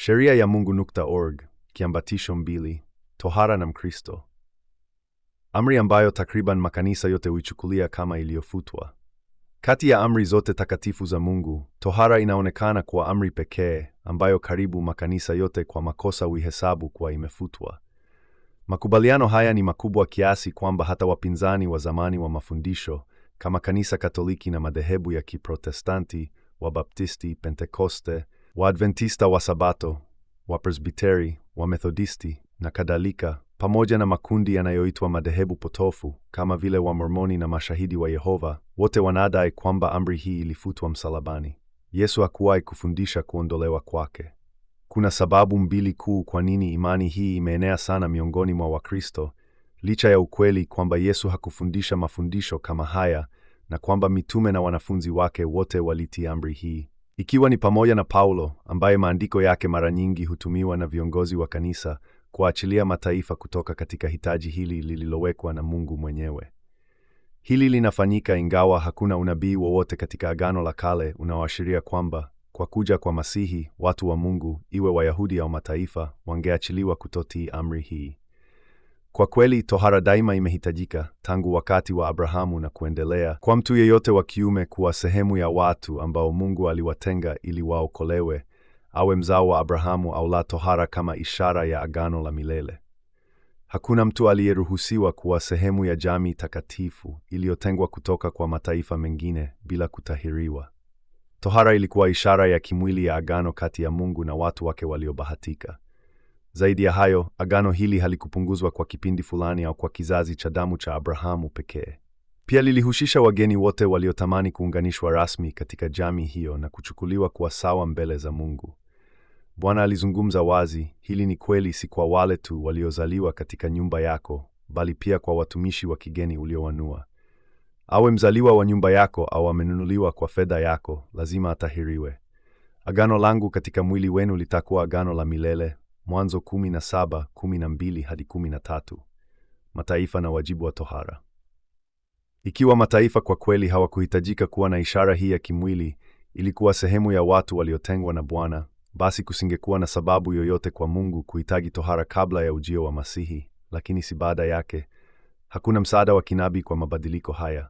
Sheria ya org, kiambatisho mbili, tohara na Mkristo. Amri ambayo takriban makanisa yote huichukulia kama iliyofutwa. Kati ya amri zote takatifu za Mungu, tohara inaonekana kuwa amri pekee ambayo karibu makanisa yote kwa makosa huihesabu kuwa imefutwa. Makubaliano haya ni makubwa kiasi kwamba hata wapinzani wa zamani wa mafundisho kama Kanisa Katoliki na madhehebu ya Kiprotestanti, Wabaptisti, Pentekoste Waadventista wa Sabato, Wapresbiteri, Wamethodisti na kadhalika, pamoja na makundi yanayoitwa madhehebu potofu kama vile Wamormoni na Mashahidi wa Yehova, wote wanadai kwamba amri hii ilifutwa msalabani. Yesu hakuwahi kufundisha kuondolewa kwake. Kuna sababu mbili kuu kwa nini imani hii imeenea sana miongoni mwa Wakristo, licha ya ukweli kwamba Yesu hakufundisha mafundisho kama haya na kwamba mitume na wanafunzi wake wote walitii amri hii ikiwa ni pamoja na Paulo ambaye maandiko yake mara nyingi hutumiwa na viongozi wa kanisa kuachilia mataifa kutoka katika hitaji hili lililowekwa na Mungu mwenyewe. Hili linafanyika ingawa hakuna unabii wowote katika Agano la Kale unaoashiria kwamba kwa kuja kwa Masihi watu wa Mungu, iwe Wayahudi au mataifa, wangeachiliwa kutotii amri hii. Kwa kweli tohara daima imehitajika tangu wakati wa Abrahamu na kuendelea kwa mtu yeyote wa kiume kuwa sehemu ya watu ambao Mungu aliwatenga ili waokolewe, awe mzao wa Abrahamu au la, tohara kama ishara ya agano la milele. Hakuna mtu aliyeruhusiwa kuwa sehemu ya jamii takatifu iliyotengwa kutoka kwa mataifa mengine bila kutahiriwa. Tohara ilikuwa ishara ya kimwili ya agano kati ya Mungu na watu wake waliobahatika. Zaidi ya hayo, agano hili halikupunguzwa kwa kipindi fulani au kwa kizazi cha damu cha Abrahamu pekee. Pia lilihusisha wageni wote waliotamani kuunganishwa rasmi katika jamii hiyo na kuchukuliwa kuwa sawa mbele za Mungu. Bwana alizungumza wazi, hili ni kweli si kwa wale tu waliozaliwa katika nyumba yako, bali pia kwa watumishi wa kigeni uliowanua. Awe mzaliwa wa nyumba yako au amenunuliwa kwa fedha yako, lazima atahiriwe. Agano langu katika mwili wenu litakuwa agano la milele, Mwanzo 17:12 hadi 13. Mataifa na wajibu wa tohara. Ikiwa mataifa kwa kweli hawakuhitajika kuwa na ishara hii ya kimwili, ilikuwa sehemu ya watu waliotengwa na Bwana, basi kusingekuwa na sababu yoyote kwa Mungu kuhitaji tohara kabla ya ujio wa Masihi, lakini si baada yake. Hakuna msaada wa kinabii kwa mabadiliko haya.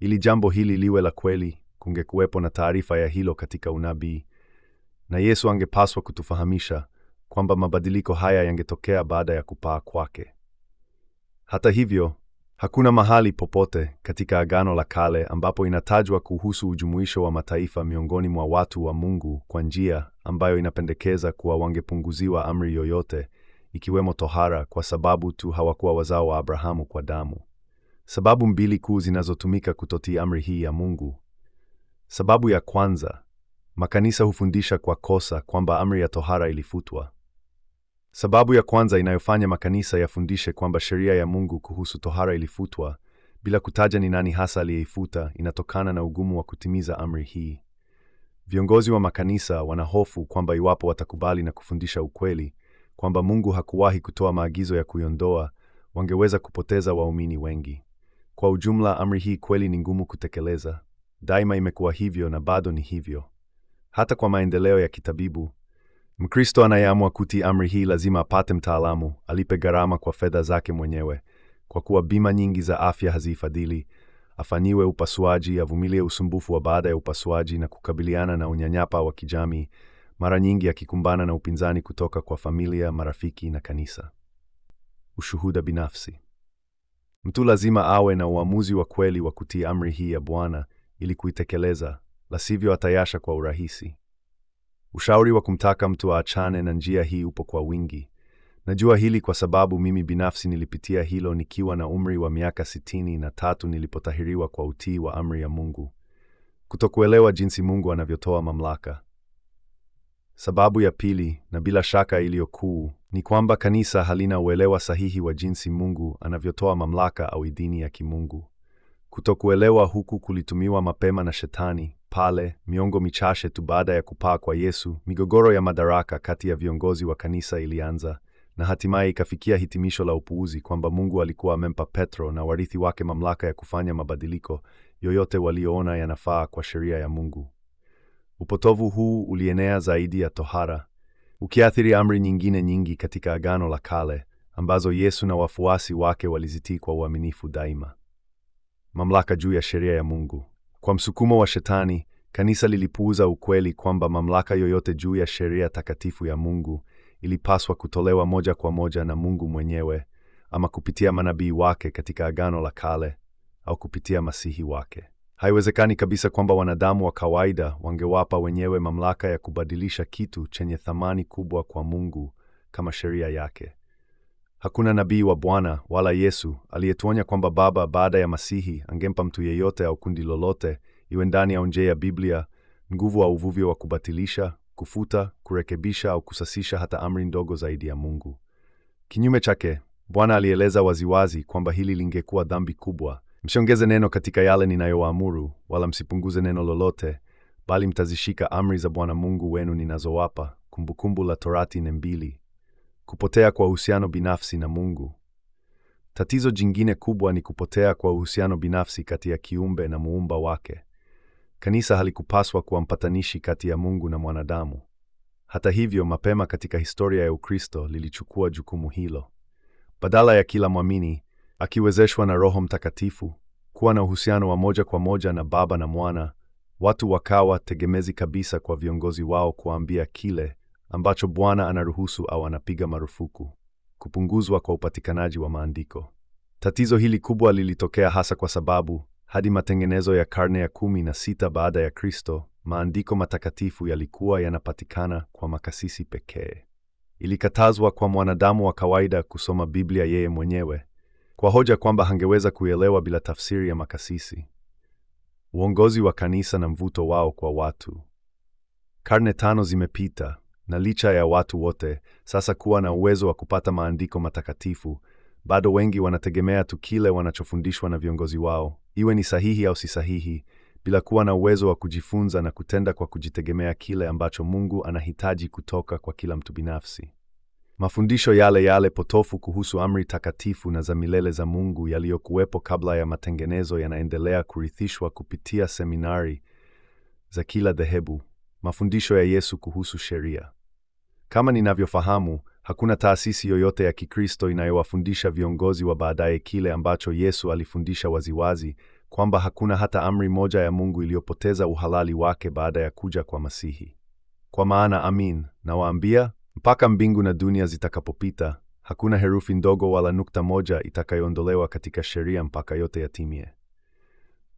Ili jambo hili liwe la kweli, kungekuwepo na taarifa ya hilo katika unabii, na Yesu angepaswa kutufahamisha kwamba mabadiliko haya yangetokea baada ya kupaa kwake. Hata hivyo, hakuna mahali popote katika Agano la Kale ambapo inatajwa kuhusu ujumuisho wa mataifa miongoni mwa watu wa Mungu kwa njia ambayo inapendekeza kuwa wangepunguziwa amri yoyote ikiwemo tohara kwa sababu tu hawakuwa wazao wa Abrahamu kwa damu. Sababu mbili kuu zinazotumika kutotii amri hii ya Mungu. Sababu ya kwanza, makanisa hufundisha kwa kosa kwamba amri ya tohara ilifutwa. Sababu ya kwanza inayofanya makanisa yafundishe kwamba sheria ya Mungu kuhusu tohara ilifutwa bila kutaja ni nani hasa aliyeifuta inatokana na ugumu wa kutimiza amri hii. Viongozi wa makanisa wanahofu kwamba iwapo watakubali na kufundisha ukweli kwamba Mungu hakuwahi kutoa maagizo ya kuiondoa, wangeweza kupoteza waumini wengi. Kwa ujumla, amri hii kweli ni ngumu kutekeleza. Daima imekuwa hivyo na bado ni hivyo. Hata kwa maendeleo ya kitabibu, Mkristo anayeamua kutii amri hii lazima apate mtaalamu, alipe gharama kwa fedha zake mwenyewe, kwa kuwa bima nyingi za afya hazifadhili. Afanyiwe upasuaji, avumilie usumbufu wa baada ya upasuaji na kukabiliana na unyanyapa wa kijamii, mara nyingi akikumbana na upinzani kutoka kwa familia, marafiki na kanisa. Ushuhuda binafsi. Mtu lazima awe na uamuzi wa kweli wa kutii amri hii ya Bwana ili kuitekeleza, la sivyo atayasha kwa urahisi. Ushauri wa kumtaka mtu aachane na njia hii upo kwa wingi. Najua hili kwa sababu mimi binafsi nilipitia hilo nikiwa na umri wa miaka sitini na tatu nilipotahiriwa kwa utii wa amri ya Mungu, kutokuelewa jinsi Mungu anavyotoa mamlaka. Sababu ya pili, na bila shaka iliyokuu, ni kwamba kanisa halina uelewa sahihi wa jinsi Mungu anavyotoa mamlaka au idhini ya kimungu. Kutokuelewa huku kulitumiwa mapema na Shetani pale, miongo michache tu baada ya kupaa kwa Yesu, migogoro ya madaraka kati ya viongozi wa kanisa ilianza na hatimaye ikafikia hitimisho la upuuzi kwamba Mungu alikuwa amempa Petro na warithi wake mamlaka ya kufanya mabadiliko yoyote walioona yanafaa kwa sheria ya Mungu. Upotovu huu ulienea zaidi ya tohara, ukiathiri amri nyingine nyingi katika Agano la Kale ambazo Yesu na wafuasi wake walizitii kwa uaminifu daima. Mamlaka juu ya sheria ya Mungu. Kwa msukumo wa Shetani, kanisa lilipuuza ukweli kwamba mamlaka yoyote juu ya sheria takatifu ya Mungu ilipaswa kutolewa moja kwa moja na Mungu mwenyewe ama kupitia manabii wake katika Agano la Kale au kupitia masihi wake. Haiwezekani kabisa kwamba wanadamu wa kawaida wangewapa wenyewe mamlaka ya kubadilisha kitu chenye thamani kubwa kwa Mungu kama sheria yake. Hakuna nabii wa Bwana wala Yesu aliyetuonya kwamba Baba baada ya Masihi angempa mtu yeyote au kundi lolote, iwe ndani au nje ya Biblia, nguvu au uvuvi wa kubatilisha, kufuta, kurekebisha au kusasisha hata amri ndogo zaidi ya Mungu. Kinyume chake, Bwana alieleza waziwazi kwamba hili lingekuwa dhambi kubwa: msiongeze neno katika yale ninayowaamuru, wala msipunguze neno lolote, bali mtazishika amri za Bwana Mungu wenu ninazowapa. Kumbukumbu la Torati nne mbili. Kupotea kwa uhusiano binafsi na Mungu. Tatizo jingine kubwa ni kupotea kwa uhusiano binafsi kati ya kiumbe na muumba wake. Kanisa halikupaswa kuwa mpatanishi kati ya Mungu na mwanadamu. Hata hivyo, mapema katika historia ya Ukristo lilichukua jukumu hilo. Badala ya kila mwamini akiwezeshwa na Roho Mtakatifu kuwa na uhusiano wa moja kwa moja na Baba na Mwana, watu wakawa tegemezi kabisa kwa viongozi wao kuambia kile ambacho Bwana anaruhusu au anapiga marufuku: kupunguzwa kwa upatikanaji wa maandiko. Tatizo hili kubwa lilitokea hasa kwa sababu hadi matengenezo ya karne ya kumi na sita baada ya Kristo, maandiko matakatifu yalikuwa yanapatikana kwa makasisi pekee. Ilikatazwa kwa mwanadamu wa kawaida kusoma Biblia yeye mwenyewe kwa hoja kwamba hangeweza kuielewa bila tafsiri ya makasisi. Uongozi wa kanisa na mvuto wao kwa watu. Karne tano zimepita na licha ya watu wote sasa kuwa na uwezo wa kupata maandiko matakatifu, bado wengi wanategemea tu kile wanachofundishwa na viongozi wao, iwe ni sahihi au si sahihi, bila kuwa na uwezo wa kujifunza na kutenda kwa kujitegemea kile ambacho Mungu anahitaji kutoka kwa kila mtu binafsi. Mafundisho yale yale potofu kuhusu amri takatifu na za milele za Mungu yaliyokuwepo kabla ya matengenezo yanaendelea kurithishwa kupitia seminari za kila dhehebu. Mafundisho ya Yesu kuhusu sheria kama ninavyofahamu, hakuna taasisi yoyote ya Kikristo inayowafundisha viongozi wa baadaye kile ambacho Yesu alifundisha waziwazi, kwamba hakuna hata amri moja ya Mungu iliyopoteza uhalali wake baada ya kuja kwa Masihi. Kwa maana amin, nawaambia, mpaka mbingu na dunia zitakapopita, hakuna herufi ndogo wala nukta moja itakayoondolewa katika sheria mpaka yote yatimie.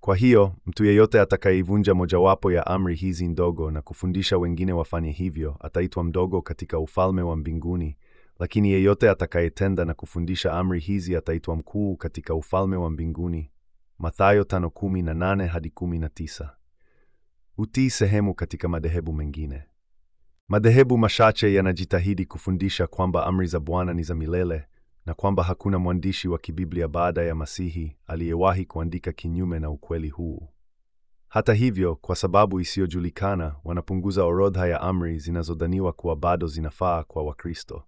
Kwa hiyo mtu yeyote atakayeivunja mojawapo ya amri hizi ndogo na kufundisha wengine wafanye hivyo ataitwa mdogo katika ufalme wa mbinguni, lakini yeyote atakayetenda na kufundisha amri hizi ataitwa mkuu katika ufalme wa mbinguni. Mathayo 5:18 hadi 19. Utii sehemu katika madhehebu mengine. Madhehebu machache yanajitahidi kufundisha kwamba amri za Bwana ni za milele na kwamba hakuna mwandishi wa kibiblia baada ya Masihi aliyewahi kuandika kinyume na ukweli huu. Hata hivyo, kwa sababu isiyojulikana, wanapunguza orodha ya amri zinazodhaniwa kuwa bado zinafaa kwa Wakristo.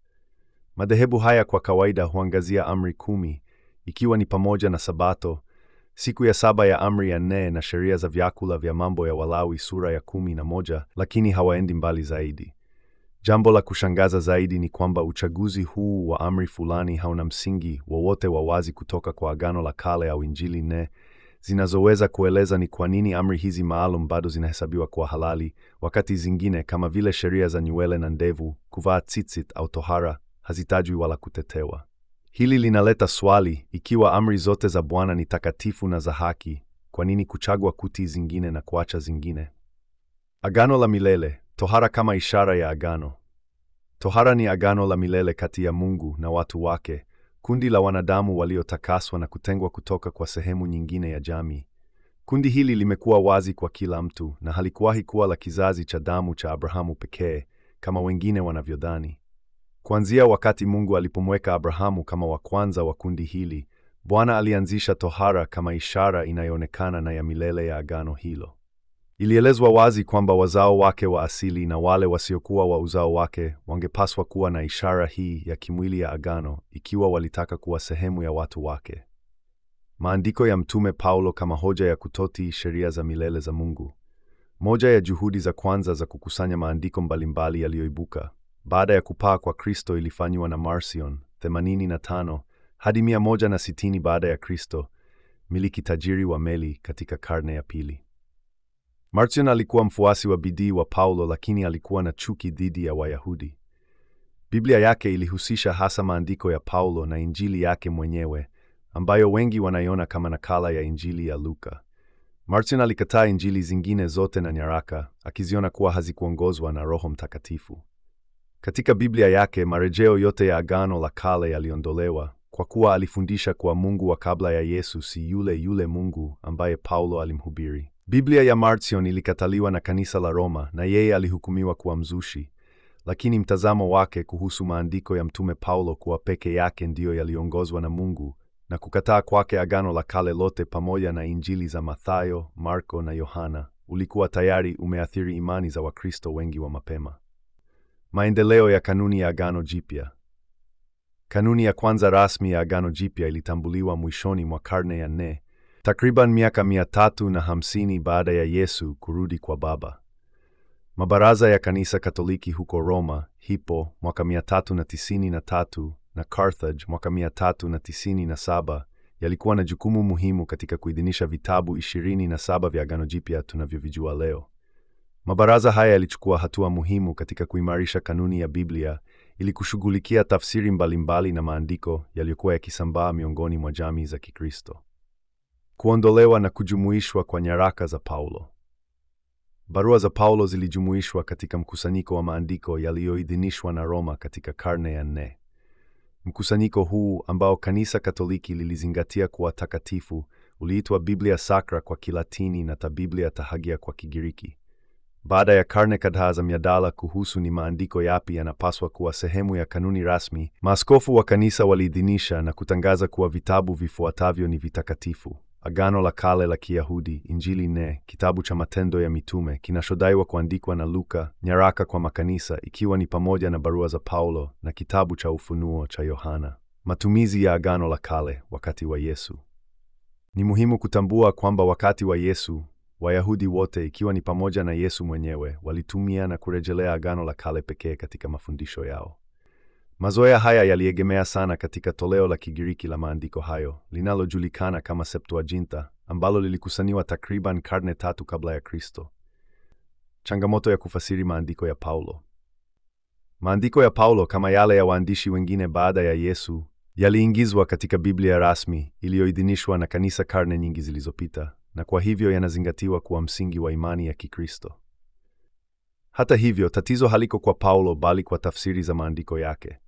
Madhehebu haya kwa kawaida huangazia amri kumi, ikiwa ni pamoja na Sabato, siku ya saba ya amri ya nne na sheria za vyakula vya mambo ya Walawi sura ya kumi na moja, lakini hawaendi mbali zaidi. Jambo la kushangaza zaidi ni kwamba uchaguzi huu wa amri fulani hauna msingi wowote wa wazi kutoka kwa Agano la Kale au Injili nne zinazoweza kueleza ni kwa nini amri hizi maalum bado zinahesabiwa kwa halali, wakati zingine kama vile sheria za nywele na ndevu, kuvaa tsitsit au tohara hazitajwi wala kutetewa. Hili linaleta swali: ikiwa amri zote za Bwana ni takatifu na za haki, kwa nini kuchagua kutii zingine na kuacha zingine? Agano la milele Tohara kama ishara ya agano. Tohara ni agano la milele kati ya Mungu na watu wake, kundi la wanadamu waliotakaswa na kutengwa kutoka kwa sehemu nyingine ya jamii. Kundi hili limekuwa wazi kwa kila mtu na halikuwahi kuwa la kizazi cha damu cha Abrahamu pekee kama wengine wanavyodhani. Kuanzia wakati Mungu alipomweka Abrahamu kama wa kwanza wa kundi hili, Bwana alianzisha tohara kama ishara inayoonekana na ya milele ya agano hilo. Ilielezwa wazi kwamba wazao wake wa asili na wale wasiokuwa wa uzao wake wangepaswa kuwa na ishara hii ya kimwili ya agano ikiwa walitaka kuwa sehemu ya watu wake. Maandiko ya Mtume Paulo kama hoja ya kutotii sheria za milele za Mungu. Moja ya juhudi za kwanza za kukusanya maandiko mbalimbali yaliyoibuka baada ya kupaa kwa Kristo ilifanywa na Marcion 85 hadi 160 baada ya Kristo, miliki tajiri wa meli katika karne ya pili. Martin alikuwa mfuasi wa bidii wa Paulo, lakini alikuwa na chuki dhidi ya Wayahudi. Biblia yake ilihusisha hasa maandiko ya Paulo na Injili yake mwenyewe ambayo wengi wanaiona kama nakala ya Injili ya Luka. martin alikataa Injili zingine zote na nyaraka, akiziona kuwa hazikuongozwa na Roho Mtakatifu. Katika Biblia yake marejeo yote ya Agano la Kale yaliondolewa kwa kuwa alifundisha kuwa Mungu wa kabla ya Yesu si yule yule Mungu ambaye Paulo alimhubiri. Biblia ya Marcion ilikataliwa na kanisa la Roma na yeye alihukumiwa kuwa mzushi, lakini mtazamo wake kuhusu maandiko ya mtume Paulo kuwa peke yake ndiyo yaliongozwa na Mungu na kukataa kwake agano la kale lote pamoja na injili za Mathayo, Marko na Yohana ulikuwa tayari umeathiri imani za Wakristo wengi wa mapema. Maendeleo ya kanuni ya agano jipya. Kanuni ya kwanza rasmi ya agano jipya ilitambuliwa mwishoni mwa karne ya nne takriban miaka mia tatu na hamsini baada ya Yesu kurudi kwa Baba. Mabaraza ya kanisa Katoliki huko Roma, Hippo mwaka tatu na Carthage mwaka saba yalikuwa na jukumu muhimu katika kuidhinisha vitabu 27 vya Agano Jipya tunavyovijua leo. Mabaraza haya yalichukua hatua muhimu katika kuimarisha kanuni ya Biblia ili kushughulikia tafsiri mbalimbali na maandiko yaliyokuwa yakisambaa miongoni mwa jamii za Kikristo. Kuondolewa na kujumuishwa kwa nyaraka za Paulo. Barua za Paulo zilijumuishwa katika mkusanyiko wa maandiko yaliyoidhinishwa na Roma katika karne ya nne. Mkusanyiko huu ambao kanisa Katoliki lilizingatia kuwa takatifu uliitwa Biblia Sacra kwa Kilatini na ta Biblia Tahagia kwa Kigiriki. Baada ya karne kadhaa za miadala kuhusu ni maandiko yapi yanapaswa kuwa sehemu ya kanuni rasmi, maaskofu wa kanisa waliidhinisha na kutangaza kuwa vitabu vifuatavyo ni vitakatifu. Agano la Kale la Kiyahudi, Injili ne kitabu cha Matendo ya Mitume kinachodaiwa kuandikwa na Luka, nyaraka kwa makanisa ikiwa ni pamoja na barua za Paulo na kitabu cha Ufunuo cha Yohana. Matumizi ya Agano la Kale wakati wa Yesu. Ni muhimu kutambua kwamba wakati wa Yesu, Wayahudi wote ikiwa ni pamoja na Yesu mwenyewe walitumia na kurejelea Agano la Kale pekee katika mafundisho yao. Mazoea haya yaliegemea sana katika toleo la Kigiriki la maandiko hayo linalojulikana kama Septuaginta, ambalo lilikusaniwa takriban karne tatu kabla ya Kristo. Changamoto ya kufasiri maandiko ya Paulo. Maandiko ya Paulo kama yale ya waandishi wengine baada ya Yesu yaliingizwa katika Biblia rasmi iliyoidhinishwa na kanisa karne nyingi zilizopita, na kwa hivyo yanazingatiwa kuwa msingi wa imani ya Kikristo. Hata hivyo, tatizo haliko kwa Paulo bali kwa tafsiri za maandiko yake.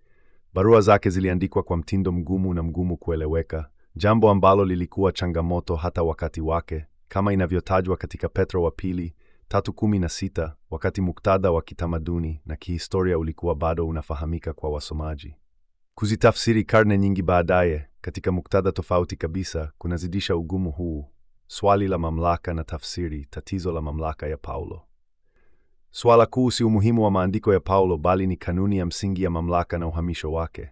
Barua zake ziliandikwa kwa mtindo mgumu na mgumu kueleweka, jambo ambalo lilikuwa changamoto hata wakati wake, kama inavyotajwa katika Petro wa Pili 3:16 wakati muktadha wa kitamaduni na kihistoria ulikuwa bado unafahamika kwa wasomaji. Kuzitafsiri karne nyingi baadaye katika muktadha tofauti kabisa kunazidisha ugumu huu. Swali la mamlaka na tafsiri, tatizo la mamlaka ya Paulo. Swala kuu si umuhimu wa maandiko ya Paulo bali ni kanuni ya msingi ya mamlaka na uhamisho wake.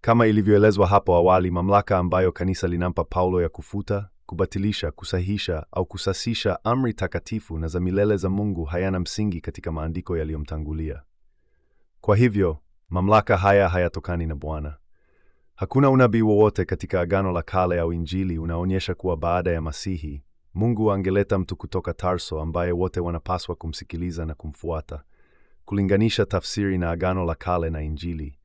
Kama ilivyoelezwa hapo awali, mamlaka ambayo kanisa linampa Paulo ya kufuta, kubatilisha, kusahihisha au kusasisha amri takatifu na za milele za Mungu hayana msingi katika maandiko yaliyomtangulia. Kwa hivyo, mamlaka haya hayatokani na Bwana. Hakuna unabii wowote katika Agano la Kale au Injili unaonyesha kuwa baada ya Masihi Mungu angeleta mtu kutoka Tarso ambaye wote wanapaswa kumsikiliza na kumfuata. Kulinganisha tafsiri na Agano la Kale na Injili.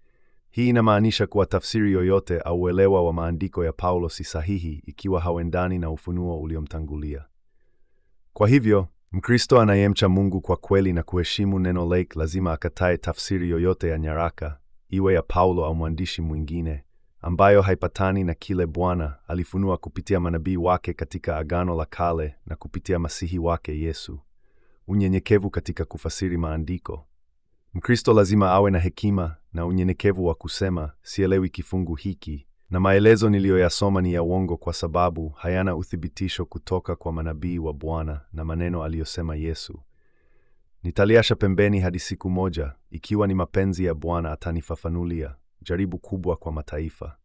Hii inamaanisha kuwa tafsiri yoyote au uelewa wa maandiko ya Paulo si sahihi ikiwa hauendani na ufunuo uliomtangulia. Kwa hivyo, Mkristo anayemcha Mungu kwa kweli na kuheshimu neno lake lazima akatae tafsiri yoyote ya nyaraka, iwe ya Paulo au mwandishi mwingine ambayo haipatani na kile Bwana alifunua kupitia manabii wake katika Agano la Kale na kupitia masihi wake Yesu. Unyenyekevu katika kufasiri maandiko. Mkristo lazima awe na hekima na unyenyekevu wa kusema sielewi kifungu hiki, na maelezo niliyoyasoma ni ya uongo, kwa sababu hayana uthibitisho kutoka kwa manabii wa Bwana na maneno aliyosema Yesu. Nitaliasha pembeni hadi siku moja, ikiwa ni mapenzi ya Bwana atanifafanulia jaribu kubwa kwa mataifa.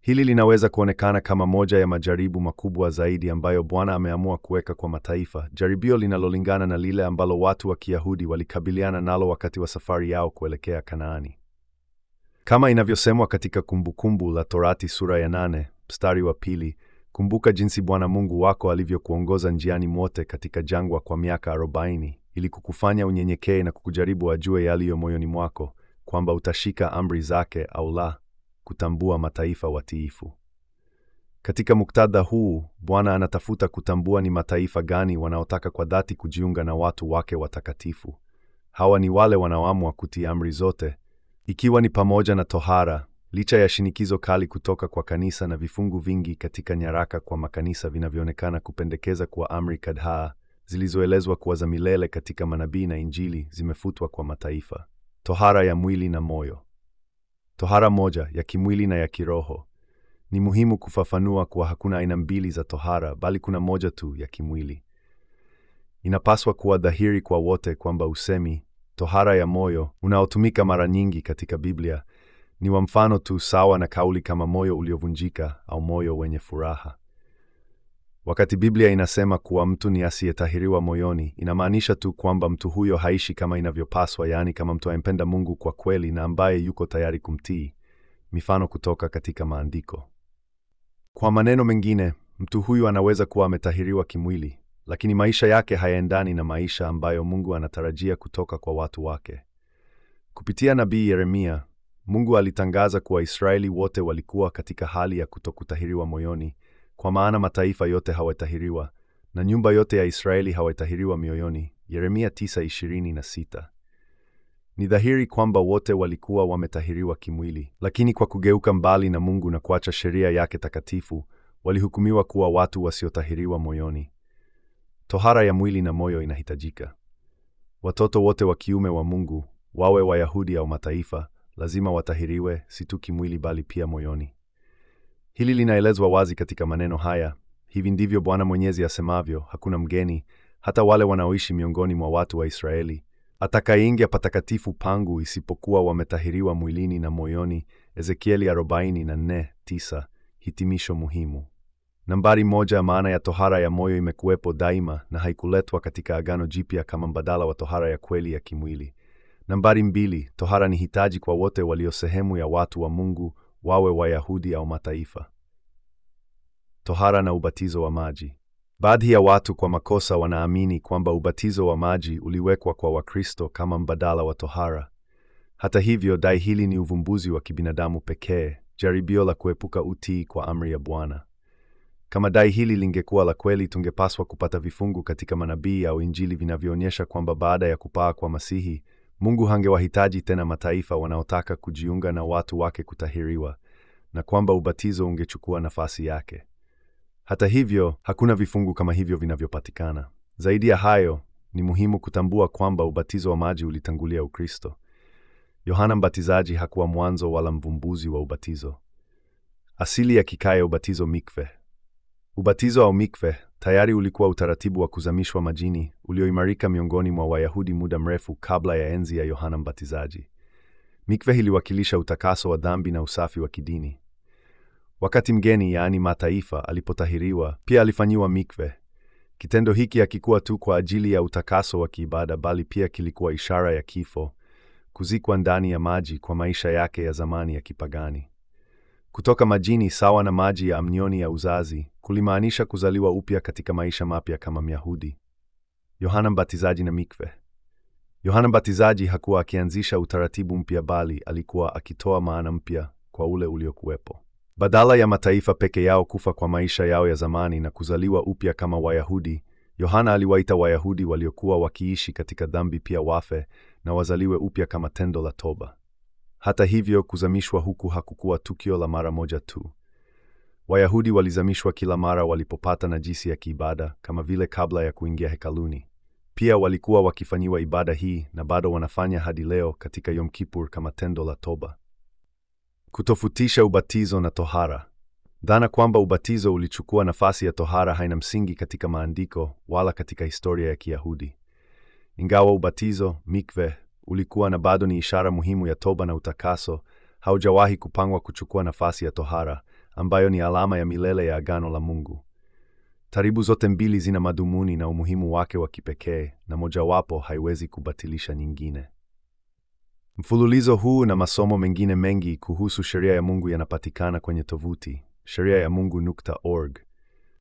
Hili linaweza kuonekana kama moja ya majaribu makubwa zaidi ambayo Bwana ameamua kuweka kwa mataifa, jaribio linalolingana na lile ambalo watu wa Kiyahudi walikabiliana nalo wakati wa safari yao kuelekea Kanaani. Kama inavyosemwa katika Kumbukumbu la Torati sura ya nane mstari wa pili, kumbuka jinsi Bwana Mungu wako alivyokuongoza njiani mwote katika jangwa kwa miaka arobaini ili kukufanya unyenyekee na kukujaribu ajue yaliyo moyoni mwako kwamba utashika amri zake au la, kutambua mataifa watiifu. Katika muktadha huu, Bwana anatafuta kutambua ni mataifa gani wanaotaka kwa dhati kujiunga na watu wake watakatifu. Hawa ni wale wanaoamua kutii amri zote, ikiwa ni pamoja na tohara, licha ya shinikizo kali kutoka kwa kanisa na vifungu vingi katika nyaraka kwa makanisa vinavyoonekana kupendekeza kuwa amri kadhaa zilizoelezwa kuwa za milele katika manabii na Injili zimefutwa kwa mataifa. Tohara ya mwili na moyo. Tohara moja ya kimwili na ya kiroho. Ni muhimu kufafanua kuwa hakuna aina mbili za tohara, bali kuna moja tu ya kimwili. Inapaswa kuwa dhahiri kwa wote kwamba usemi tohara ya moyo unaotumika mara nyingi katika Biblia ni wa mfano tu sawa na kauli kama moyo uliovunjika au moyo wenye furaha. Wakati Biblia inasema kuwa mtu ni asiyetahiriwa moyoni, inamaanisha tu kwamba mtu huyo haishi kama inavyopaswa, yaani kama mtu ayempenda Mungu kwa kweli na ambaye yuko tayari kumtii. Mifano kutoka katika Maandiko. Kwa maneno mengine, mtu huyu anaweza kuwa ametahiriwa kimwili, lakini maisha yake hayaendani na maisha ambayo Mungu anatarajia kutoka kwa watu wake. Kupitia nabii Yeremia, Mungu alitangaza kuwa Israeli wote walikuwa katika hali ya kutokutahiriwa moyoni kwa maana mataifa yote hawatahiriwa na nyumba yote ya Israeli hawatahiriwa mioyoni. Yeremia 9:26. Ni dhahiri kwamba wote walikuwa wametahiriwa kimwili, lakini kwa kugeuka mbali na Mungu na kuacha sheria yake takatifu, walihukumiwa kuwa watu wasiotahiriwa moyoni. Tohara ya mwili na moyo inahitajika. Watoto wote wa kiume wa Mungu, wawe Wayahudi au mataifa, lazima watahiriwe si tu kimwili bali pia moyoni. Hili linaelezwa wazi katika maneno haya: hivi ndivyo Bwana Mwenyezi asemavyo, hakuna mgeni hata wale wanaoishi miongoni mwa watu wa Israeli atakayeingia patakatifu pangu isipokuwa wametahiriwa mwilini na moyoni. Ezekieli 44:9. Hitimisho muhimu. Nambari moja ya maana ya tohara ya moyo imekuwepo daima na haikuletwa katika Agano Jipya kama mbadala wa tohara ya kweli ya kimwili. Nambari mbili, tohara ni hitaji kwa wote walio sehemu ya watu wa Mungu wawe Wayahudi au mataifa. Tohara na ubatizo wa maji. Baadhi ya watu kwa makosa wanaamini kwamba ubatizo wa maji uliwekwa kwa Wakristo kama mbadala wa tohara. Hata hivyo, dai hili ni uvumbuzi wa kibinadamu pekee, jaribio la kuepuka utii kwa amri ya Bwana. Kama dai hili lingekuwa la kweli, tungepaswa kupata vifungu katika manabii au Injili vinavyoonyesha kwamba baada ya kupaa kwa Masihi, Mungu hangewahitaji tena mataifa wanaotaka kujiunga na watu wake kutahiriwa na kwamba ubatizo ungechukua nafasi yake. Hata hivyo, hakuna vifungu kama hivyo vinavyopatikana. Zaidi ya hayo, ni muhimu kutambua kwamba ubatizo wa maji ulitangulia Ukristo. Yohana Mbatizaji hakuwa mwanzo wala mvumbuzi wa ubatizo. Asili ya kikae ubatizo mikveh Ubatizo au mikve tayari ulikuwa utaratibu wa kuzamishwa majini ulioimarika miongoni mwa Wayahudi muda mrefu kabla ya enzi ya Yohana Mbatizaji. Mikve iliwakilisha utakaso wa dhambi na usafi wa kidini. Wakati mgeni, yaani mataifa, alipotahiriwa, pia alifanyiwa mikve. Kitendo hiki hakikuwa tu kwa ajili ya utakaso wa kiibada, bali pia kilikuwa ishara ya kifo, kuzikwa ndani ya maji kwa maisha yake ya zamani ya kipagani. Kutoka majini sawa na maji ya amnioni ya uzazi kulimaanisha kuzaliwa upya katika maisha mapya kama Myahudi. Yohana Mbatizaji na mikve. Yohana Mbatizaji hakuwa akianzisha utaratibu mpya, bali alikuwa akitoa maana mpya kwa ule uliokuwepo. Badala ya mataifa peke yao kufa kwa maisha yao ya zamani na kuzaliwa upya kama Wayahudi, Yohana aliwaita Wayahudi waliokuwa wakiishi katika dhambi pia wafe na wazaliwe upya kama tendo la toba. Hata hivyo, kuzamishwa huku hakukuwa tukio la mara moja tu. Wayahudi walizamishwa kila mara walipopata najisi ya kiibada, kama vile kabla ya kuingia hekaluni. Pia walikuwa wakifanyiwa ibada hii na bado wanafanya hadi leo katika Yom Kippur kama tendo la toba. Kutofutisha ubatizo na tohara. Dhana kwamba ubatizo ulichukua nafasi ya tohara haina msingi katika maandiko wala katika historia ya Kiyahudi. Ingawa ubatizo, mikve ulikuwa na bado ni ishara muhimu ya toba na utakaso, haujawahi kupangwa kuchukua nafasi ya tohara ambayo ni alama ya milele ya agano la Mungu. Taribu zote mbili zina madhumuni na umuhimu wake wa kipekee, na mojawapo haiwezi kubatilisha nyingine. Mfululizo huu na masomo mengine mengi kuhusu sheria ya Mungu yanapatikana kwenye tovuti sheria ya org.